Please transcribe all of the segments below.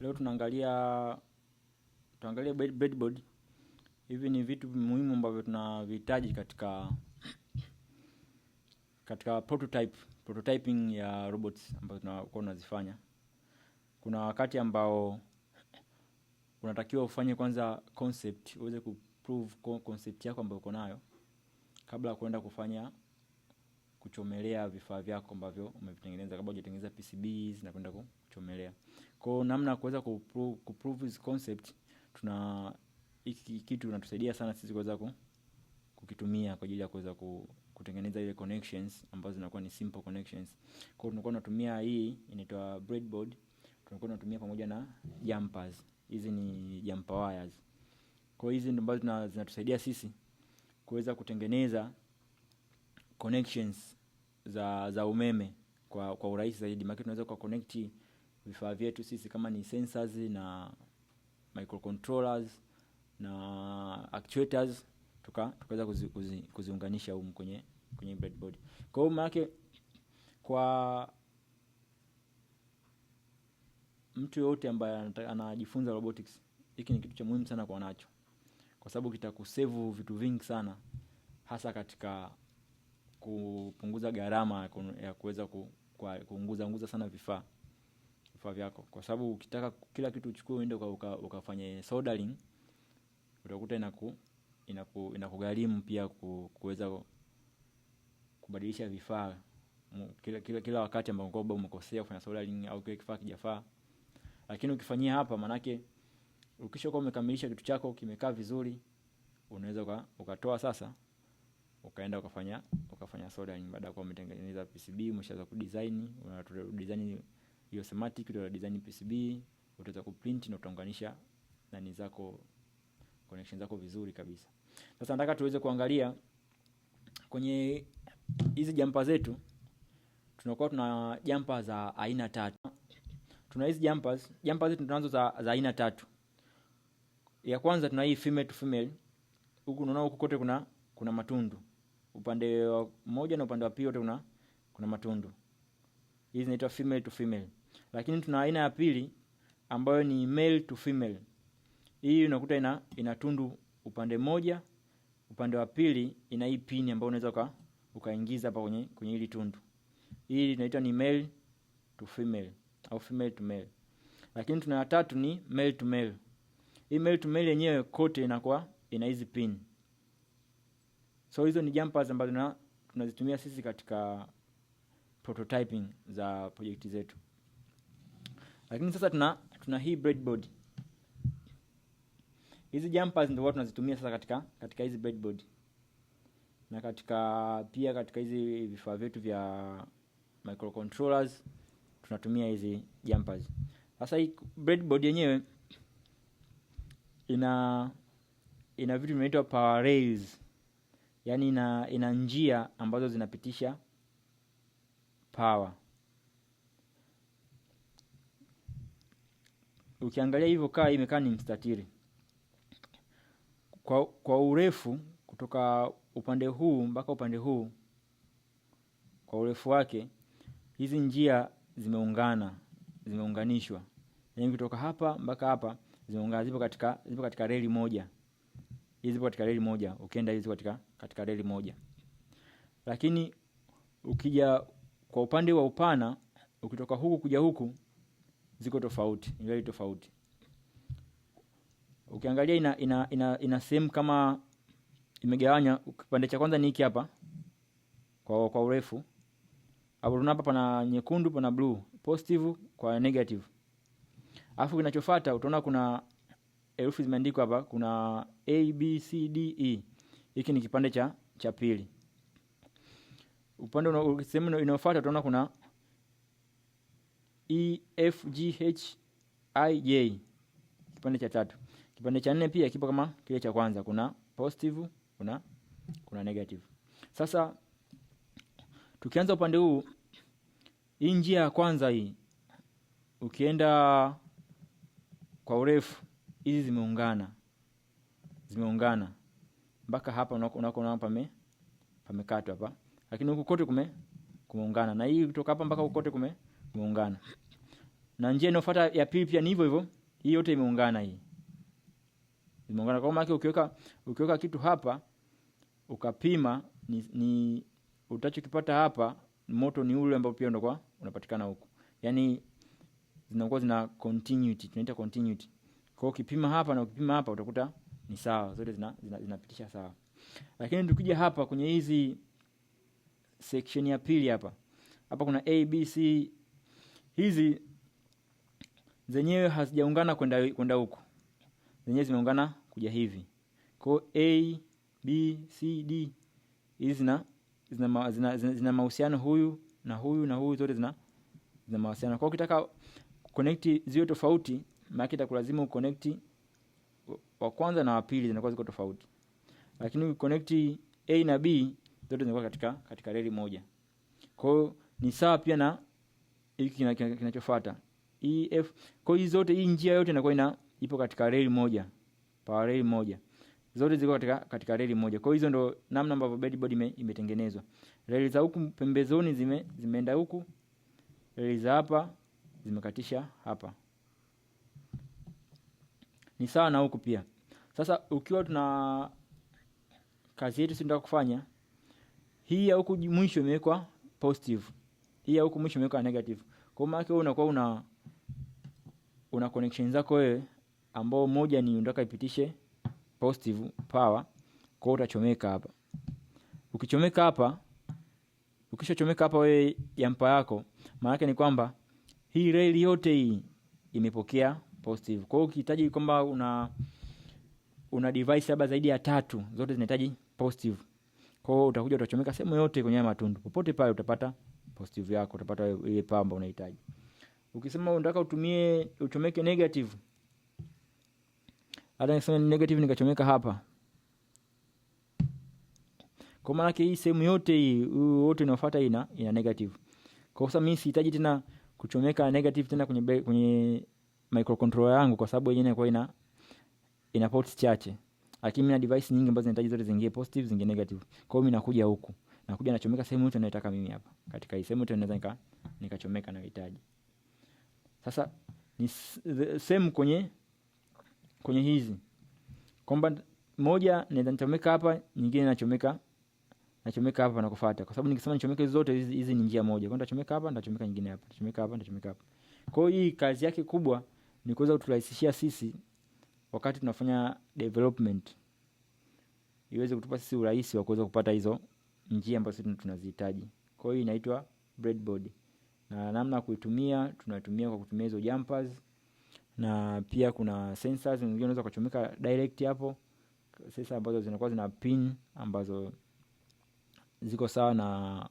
Leo tunaangalia tunaangalia bedboard Hivi ni vitu muhimu ambavyo tunavihitaji katika katika prototype, prototyping ya robots ambazo tunakuwa tunazifanya. Kuna wakati ambao unatakiwa ufanye kwanza concept, uweze kuprove concept yako ambayo uko nayo kabla ya kufanya kuchomelea vifaa vyako ambavyo umevitengeneza, kabla hujatengeneza PCBs na kwenda kuchomelea. Kwa namna ya kuweza kuprove hizi concept, tuna hiki kitu inatusaidia sana sisi kuweza kukitumia kwa ajili ya kuweza kutengeneza ile connections ambazo zinakuwa ni simple connections. Kwa hiyo tunakuwa tunatumia hii inaitwa breadboard, tunakuwa tunatumia pamoja na jumpers. Hizi ni jumper wires. Kwa hizi ndio ambazo zinatusaidia sisi kuweza kutengeneza connections za, za umeme kwa, kwa urahisi zaidi. Maana tunaweza kwa connect vifaa vyetu sisi kama ni sensors na microcontrollers na actuators tuka tukaweza kuzi, kuzi, kuziunganisha kwenye kwenye breadboard. Kwa hiyo maana kwa mtu yoyote ambaye anajifunza robotics, hiki ni kitu cha muhimu sana kwa nacho, kwa sababu kitakusevu vitu vingi sana, hasa katika kupunguza gharama ya kuweza kuunguza unguza sana vifaa vifaa vyako, kwa sababu ukitaka kila kitu uchukue uende uka, ukafanye soldering utakuta inaku inaku inakugharimu pia kuweza kubadilisha vifaa kila, kila, kila wakati ambao kwamba umekosea kufanya soldering au kile kifaa kijafaa. Lakini ukifanyia hapa, manake kwa umekamilisha kitu chako kimekaa vizuri, unaweza uka, ukatoa sasa ukaenda ukafanya ukafanya soldering baada ya kuwa umetengeneza PCB umeshaweza kudesign, una design hiyo thematic, utaweza design PCB, utaweza kuprint na utaunganisha nani zako connection zako vizuri kabisa. Sasa nataka tuweze kuangalia kwenye hizi jampa zetu, tunakuwa tuna jampa za aina tatu. Tuna hizi jumpers, jumpers zetu tunazo za, za aina tatu. Ya kwanza tuna hii female to female. Huku unaona huku kote kuna kuna matundu. Upande wa moja na upande wa pili wote kuna kuna matundu. Hizi zinaitwa female to female. Lakini tuna aina ya pili ambayo ni male to female. Hii unakuta ina, ina tundu upande mmoja upande wa pili ina hii pini ambayo unaweza uka, ukaingiza hapa kwenye kwenye hili tundu. Hii inaitwa ni male to female au female to male. Lakini tuna tatu ni male to male. Hii male to male yenyewe kote inakuwa ina hizi pini. So hizo ni jumpers ambazo tunazitumia sisi katika prototyping za projekti zetu. Lakini sasa tuna tuna hii breadboard. Hizi jumpers ndio tunazitumia sasa katika katika hizi breadboard. Na katika pia katika hizi vifaa vyetu vya microcontrollers tunatumia hizi jumpers. Sasa hii breadboard yenyewe ina ina vitu vinaitwa power rails. Yaani ina ina njia ambazo zinapitisha power. ukiangalia hivyo kaa imekaa ni mstatiri kwa, kwa urefu kutoka upande huu mpaka upande huu kwa urefu wake hizi njia zimeungana zimeunganishwa yani kutoka hapa mpaka hapa zimeungana zipo katika zipo katika reli moja hizi zipo katika reli moja ukienda hizi katika katika reli moja lakini ukija kwa upande wa upana ukitoka huku kuja huku ziko tofauti, ni very tofauti. Ukiangalia ina, ina, ina, ina sehemu kama imegawanya. Kipande cha kwanza ni hiki hapa kwa, kwa urefu hapo, hapa pana nyekundu, pana blue, positive kwa negative. Alafu kinachofuata utaona kuna herufi zimeandikwa hapa, kuna a b c d e. Hiki ni kipande cha cha pili. Upande sehemu inayofuata utaona kuna E, F, G, H, I, J. Kipande cha tatu. Kipande cha nne pia kipo kama kile cha kwanza, kuna positive, kuna kuna negative. Sasa tukianza upande huu, hii njia ya kwanza hii, ukienda kwa urefu, hizi zimeungana, zimeungana mpaka hapa unaona pame pamekatwa hapa, lakini huku kote kume kumeungana, na hii kutoka hapa mpaka huku kote kume imeungana. Na njia inayofuata ya pili pia ni hivyo hivyo. Hii yote imeungana hii. Imeungana kwa maana ukiweka ukiweka kitu hapa ukapima ni, ni utachokipata hapa moto ni ule ambao pia ndio unapatikana huko. Yaani zinakuwa zina continuity, tunaita continuity. Kwa hiyo ukipima hapa na ukipima hapa utakuta ni sawa, zote zina, zina, zinapitisha sawa. Lakini tukija hapa kwenye hizi section ya pili hapa. Hapa kuna A B C hizi zenyewe hazijaungana kwenda kwenda huko, zenyewe zimeungana kuja hivi. Kwa a b c d hizi zina zina, zina, zina, zina mahusiano huyu na huyu na huyu, zote zina zina mahusiano. Kwa ukitaka connect ziwe tofauti, maana itakulazimu uconnect wa kwanza na wa pili, zinakuwa ziko tofauti, lakini ukiconnect a na b zote zinakuwa katika katika reli moja. Kwa hiyo ni sawa pia na hiki kinachofuata. EF kwa hiyo zote hii njia yote inakuwa ina ipo katika reli moja, power reli moja. Zote ziko katika katika reli moja. Kwa hizo ndo namna ambavyo bedboard ime, imetengenezwa. Reli za huku pembezoni zime zimeenda huku. Reli za hapa zimekatisha hapa. Ni sawa na huku pia. Sasa ukiwa tuna kazi yetu tunataka kufanya hii ya huku mwisho imewekwa positive hii ya huku mwisho imeweka negative. Kwa maana yake unakuwa una una connection zako wewe ambao moja ni unataka ipitishe positive power, kwa utachomeka hapa. Ukichomeka hapa, ukishachomeka hapa wewe yampa yako, maana yake ni kwamba hii rail yote hii imepokea positive. Kwa hiyo ukihitaji kwamba una una device labda zaidi ya tatu, zote zinahitaji positive. Kwa hiyo utakuja utachomeka sehemu yote kwenye matundu, popote pale utapata positive yako utapata ile pamba unahitaji. Ukisema unataka utumie uchomeke negative, hata niseme negative nikachomeka hapa, kwa maana hii sehemu yote hii wote inafuata ina ina negative. Kwa sababu mimi sihitaji tena kuchomeka negative tena kwenye kwenye microcontroller yangu, kwa sababu yenyewe inakuwa ina ina ports chache, lakini mina device nyingi ambazo zinahitaji zote zingie positive zingie negative. Kwa hiyo mimi nakuja huku nakuja nachomeka sehemu yote naitaka mimi hapa. Katika hii sehemu yote naweza nika nikachomeka na hitaji. Sasa ni sehemu kwenye kwenye hizi kwamba moja naweza nichomeka hapa, nyingine nachomeka nachomeka hapa na kufuata, kwa sababu nikisema nichomeke zote hizi hizi ni njia moja, kwa nitachomeka hapa, nitachomeka nyingine hapa, nachomeka hapa, nitachomeka hapa. Kwa hiyo hii kazi yake kubwa ni kuweza kuturahisishia sisi wakati tunafanya development, iweze kutupa sisi urahisi wa kuweza kupata hizo njia ambazo tunazihitaji. Kwa hiyo inaitwa breadboard. Na namna ya kuitumia tunatumia kwa kutumia hizo jumpers na pia kuna sensors nyingine unaweza kuchomeka direct hapo, sensor ambazo zinakuwa zina pin ambazo ziko sawa na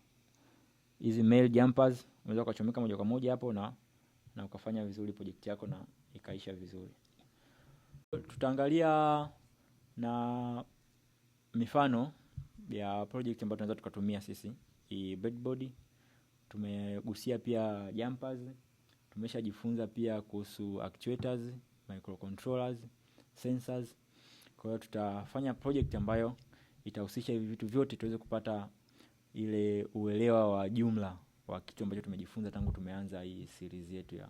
hizi mail jumpers, unaweza kuchomeka moja kwa moja hapo na na ukafanya vizuri project yako na ikaisha vizuri. Tutaangalia na mifano ya project ambayo tunaweza tukatumia sisi i bedboard. Tumegusia pia jumpers, tumeshajifunza pia kuhusu actuators, microcontrollers, sensors. Kwa hiyo tutafanya project ambayo itahusisha hivi vitu vyote tuweze kupata ile uelewa wa jumla wa kitu ambacho tumejifunza tangu tumeanza hii series yetu ya